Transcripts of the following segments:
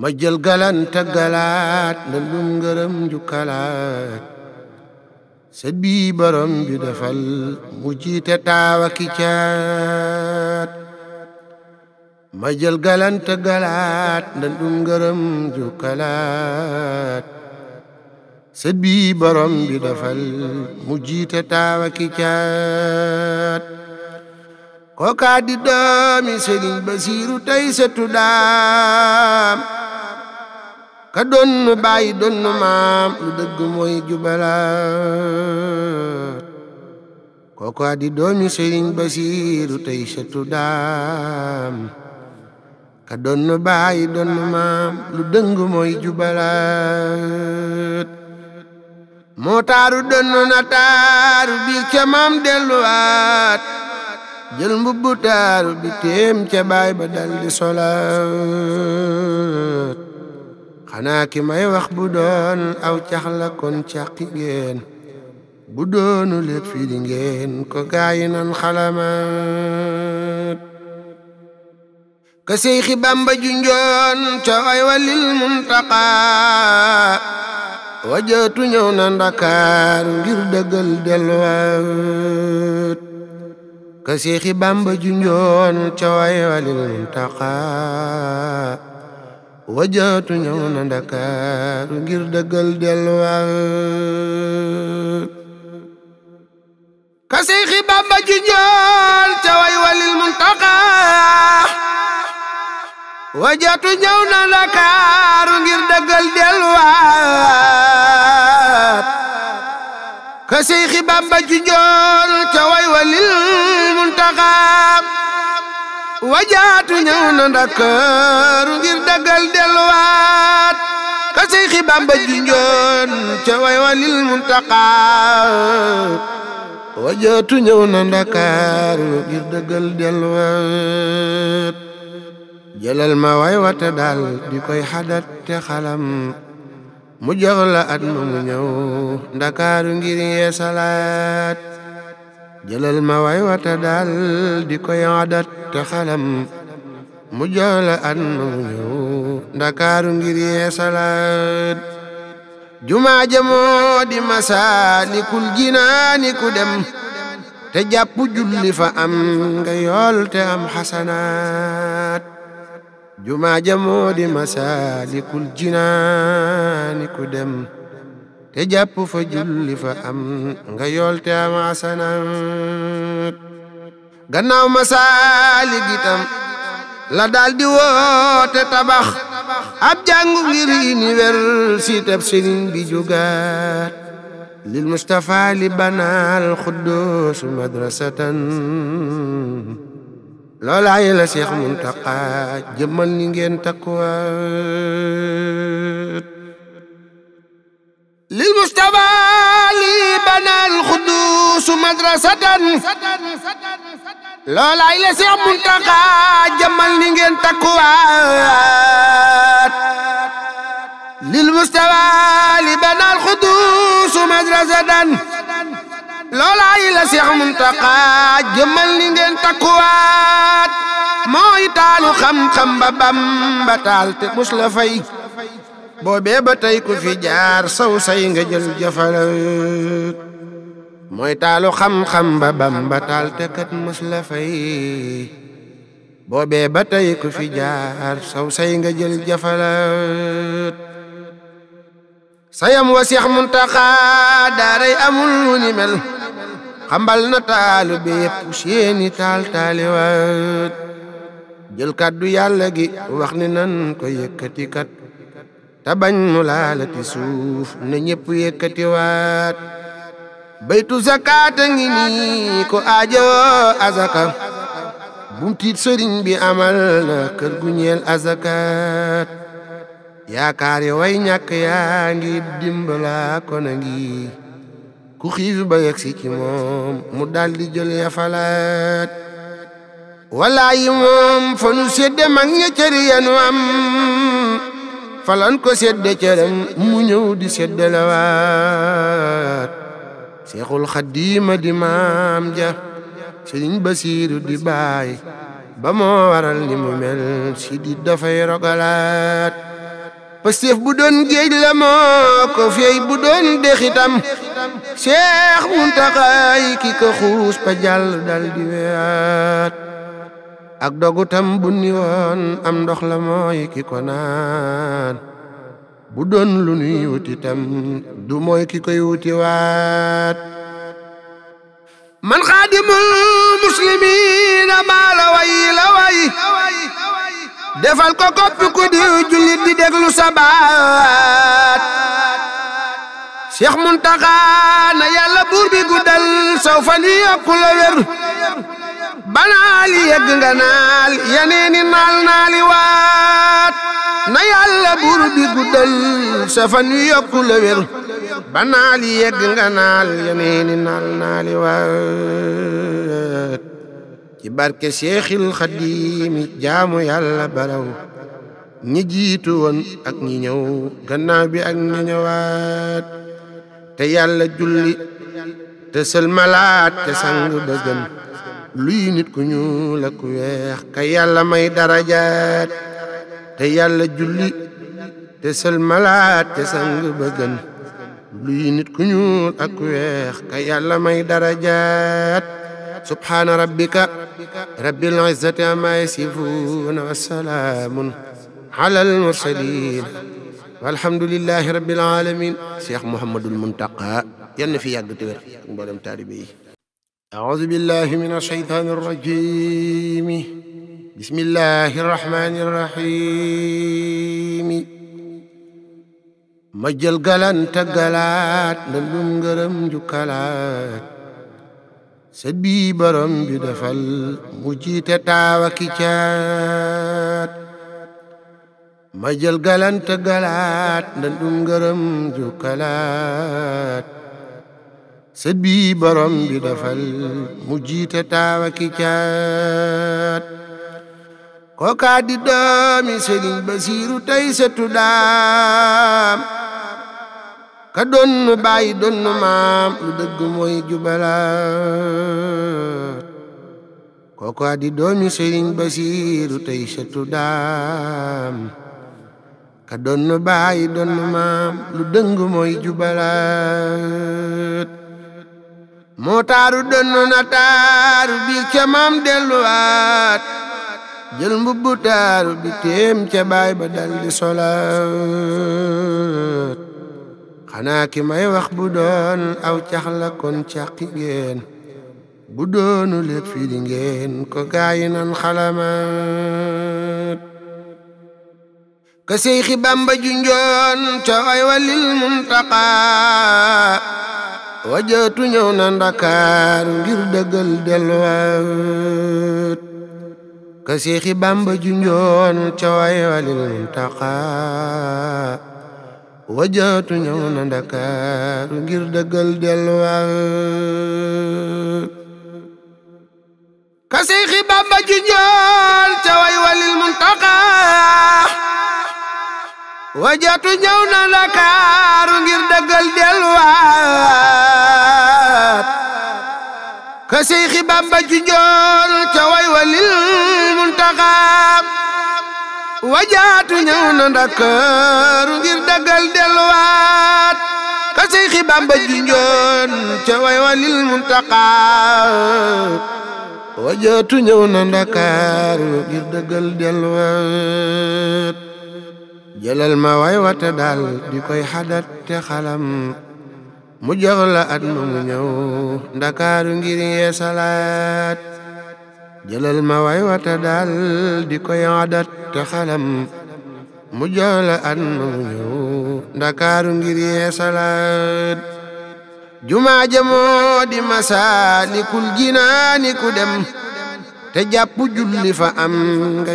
ma jël galanta galaat na lum ngërëm kalaat sët bii borom bi defal mu jiite taawa jël galanta galaat na lum ngërëm kalaat sët bii borom bi defal mu jiite taawa ki caat kookaa di Basiiru tey sëtu daam ka doon bàyyi doon maam lu dëgg mooy jubalaat kooku di doomi Sëriñ Basiiru tey sëtu daam ka doon bàyyi doon maam lu dëng mooy jubalaat moo taaru doon na taaru biir ca maam delluwaat jël mbubbu taaru bi téem ca baay ba dal di solaat xanaa ki may wax bu doon aw cax kon càqi ngeen bu doonu lépp fii ko gaayi nan xalamaat ka seyxi bamba junjoon ca way walil muntaqa wajaatu ñëw na ndakaar ngir dëggal delluwaat ka seyxi bamba junjoon ca way walil muntaqa wajaatu ñëw na ndakaaru ngir dëggal delluwaal ka Seyxi Bamba ji njool ca way walil muntaqa wajaatu ñëw na ndakaaru ngir dëggal delluwaat ka Seyxi Bamba ji njool ca way walil wajaatu ñëw na ndakaaru ngir dagal delluwaat ka say xibaam junjoon ca way walil muntaqa wajaatu ñëw na ndakaaru ngir dagal delluwaat jëlal ma way wata daal di koy xadat te xalam mu jox la mu ñëw ndakaaru ngir yeesalaat jëlal ma way wata di koy adat te xalam mu joola an mu ndakaaru ngir yee jumaa jamoo di masaalikul jinaani ku dem jàpp julli fa am nga am xasanaat jumaa jamoo di masaalikul jinaani ku te jàpp fa julli fa am nga yool te am asanaat gannaaw masaali gitam la daldi woote tabax ab jàngu ngir université sëriñ bi jugaat lil Mustafa li banaal xudduus madrasatan loolaay la Seex Muntaqa jëmmal ni ngeen takkuwaat lil Mustafa li banal xuddus madrasatan loolaay ngeen takkuwaat li banal xuddus madrasatan loolaay la Seex Muntaxa jëmmal ni ngeen takkuwaat mooy taalu xam-xam ba Bamba taal te mus fay boobee ba tey ku fi jaar saw nga jël jëfalat mooy taalu xam-xam ba Bamba taal te kat mës la ba tey ku fi jaar saw say nga jël jëfalat sayam wa Seex Muntaxa daaray amul ni mel xambal na taalu bi yëpp seeni taal taaliwaat jël kàddu yàlla gi wax ni nan ko yëkkatikat te bañ mu laalati suuf ne ñëpp yëkkatiwaat baytu zakaata ngi nii ko aajo azaka bum sëriñ bi amal na kër gu ñeel azakaat yaakaar yi way ñàkk yaa ngi dimbalaa ko na ngi ku xiif ba yegsi ci moom mu daldi jël ya falaat moom fa nu sedde mag ña yanu am falan ko sedde cëram mu ñëw di sedde lawaat seexul xaddiima di maam ja sëriñ basiiru di baay ba moo waral ni mu mel si di dafay rogalaat pasteef bu doon géej la moo ko fey bu doon dexitam seex muntaxaay ki ko xuus pa jàll dal di weyaat ak dogutam bu ni woon am ndox la mooy ko naan bu doon lu nuy wuti tam du mooy ki koy waat man xaadimul muslimiina maa la way la defal ko koppi ku di jullit di déglu sabaat Cheikh Muntaxa na yàlla buur bi guddal la wér banaali yegg nga naal yeneeni naal naali waat na yàlla buur bi guddal yu yokku la wér banaali yegg nga naal yeneeni naal naali waat ci barke Seexil Xadiimi jaamu yàlla baraw ñi jiitu woon ak ñi ñëw gannaaw bi ak ñi ñëwaat te yàlla julli te sëlmalaat te sang bëggan luy nit ku ñuul ak ku weex ka yàlla may darajaat te yàlla julli te sel malaat te sang bëggan luy nit ku ñuul ak ku weex ka yàlla may darajaat subhaana rabbika rabbil izzati amma yasifuun wa salaamun alal mursaliin walhamdulillahi rabbil alamin cheikh mouhamadul muntaqa yann fi yàgg te wér mboolem taalibe yi أعوذ بالله من الشيطان الرجيم بسم الله الرحمن الرحيم majjal galan taggalaat na lum ngërëm jukkalaat sët bi borom bi defal mu jiite taawa ki caat majjal galan taggalaat na lum ngërëm jukkalaat sët bi borom bi dafal mu jiite taawa ki caat kookaa di doomi Sëriñ Basiiru tey sëtu daam ka doon bàyyi doon maam lu dëgg mooy jubalaat kookaa di doomi Sëriñ Basiiru tey sëtu daam ka doon bàyyi doon maam lu dëng mooy jubalaat moo taaru donnu na taaru biir ca maam delluwaat jël mbubbu taaru bi téem ca baay ba dal di solaat xanaa ki may wax bu doon aw cax la kon càqi ngeen bu doonu lépp fii di ngeen ko gaayi nan xalamaat ka seyxi bamba junjoon ca way walil muntaqa wajaatu ñëw na ndakaaru ngir dëggal delluwaat ka seexi bàmba junjoon ca way walil muntaqa wajatu ñëw na Ndakaaru ngir dëggal delluwaat ka jëlal ma way wata daal di koy xadat te xalam mu jox la at ma mu ñëw ndakaaru yee salaat jëlal ma way wata daal di koy xadat te xalam mu at ma mu ñëw ndakaaru yee salaat jumaa jamoo di masaalikul jinaani ku te jàpp julli am nga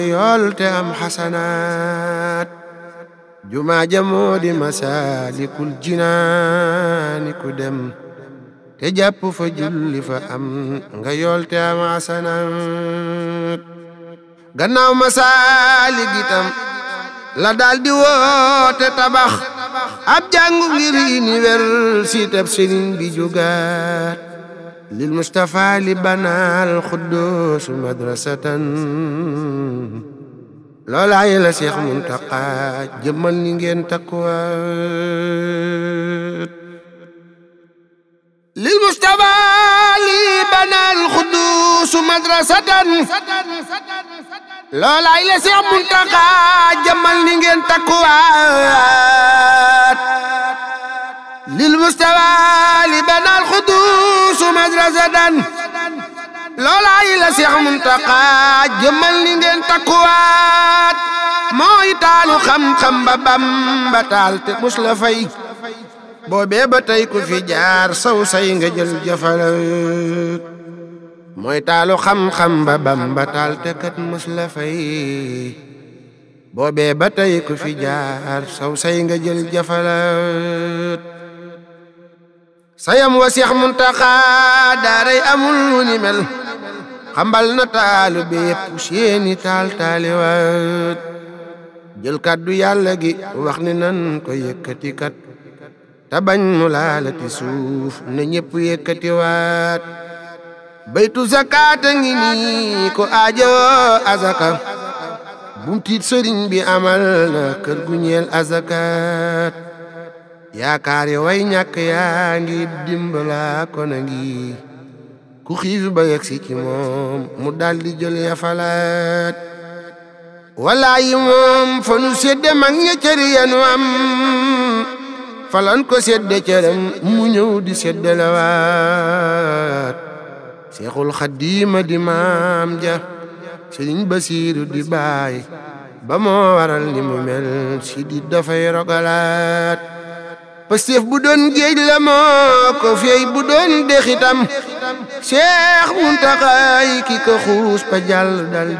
te am xasanaat jumaa ja moo di masaalikul jinaani ku dem te jàpp fa julli fa am nga te am asanaat gannaaw masaalik itam la daldi woote tabax ab jàngu ngir université bi jugaat lil Mustafa li banaal xudduus madrasatan loolaaye la seex muntaqa jëmmal ni ngeen takkuwaat lil mustafa li banal xuddus madrasatan loolaaye la seex muntaqa jëmmal ni ngeen takkuwaat lil mustafa li banal xuddus madrasatan loolaay la Seex Muntaxa jëmmal ni ngeen takkuwaat mooy taalu xam-xam ba Bamba taal te mus la fay boobee ba tey ku fi jaar saw say nga jël jëfalat taalu xam-xam ba Bamba ba tey fi jaar saw nga jël jëfalat sayam wa Seex Muntaxa daaray amul ni mel xambal na taalu bi yëpp seeni taal taaliwaat jël kàddu yàlla gi wax ni nan ko yëkkati kat te bañ mu laalati suuf ne ñëpp yëkkati baytu zakaata ngi nii ko aajo azaka bum tiit sëriñ bi amal na kër gu ñeel azakaat yaakaar way ñàkk yaa ngi dimbala ko ngi ku xiif ba yegsi ci moom mu daldi jël yafalaat walaayi moom fa nu sédde mag ña cëri yanu am falan ko sédde cëram mu ñëw di sédde lawaat seexul xadiima di maam ja sëriñ basiiru di baay ba moo waral ni mu mel si di dafay rogalaat pasteef bu doon géej la moo ko fey bu doon dexitam Seex Muntaxaay ki ko xuus ba jàll dal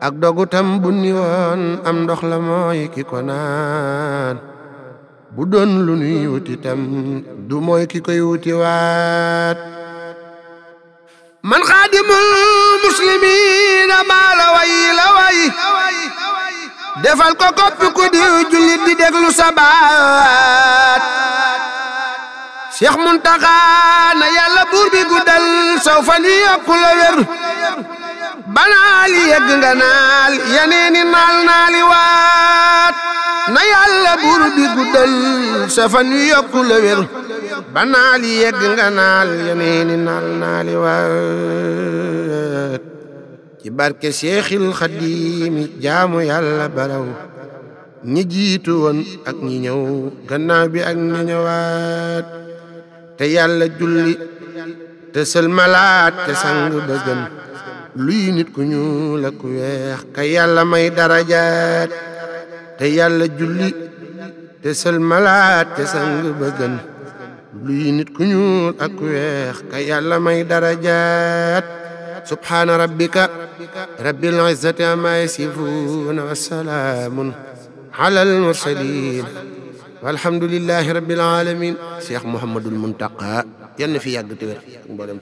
ak dogu tam bu ni woon am ndox la mooy ki ko naan bu doon lu nuy tam du mooy ki koy wuti waat man xaadimul muslimiina maa la way la way ko koppi ku di jullit di déglu sabaat cheikh muntaxa na yàlla buur bi guddal saw fan yi banaal yi yegg nga naal yeneeni naal naali waat na yàlla buur bi guddal sa fan yi banaal yi yegg nga naal yeneeni naal naali waat ci barke Seexil Xadiimi jaamu yàlla baraw ñi jiitu woon ñi ñëw gannaaw bi ñi ñëwaat te yàlla julli te sëlmalaat te sang ba gën luy nit ku ñuul ak ku weex ka yàlla may darajaat te yàlla julli te sëlmalaat te sang ba gën luy nit ku ñuul ak ku weex ka yàlla may darajaat subhaana rabbika rabbil izzati amma yasifuuna wa salaamun alal mursaliin walhamdulillahi rabbil alamin cheikh mouhamadul muntaqa yann fi yàgg te wér mboolem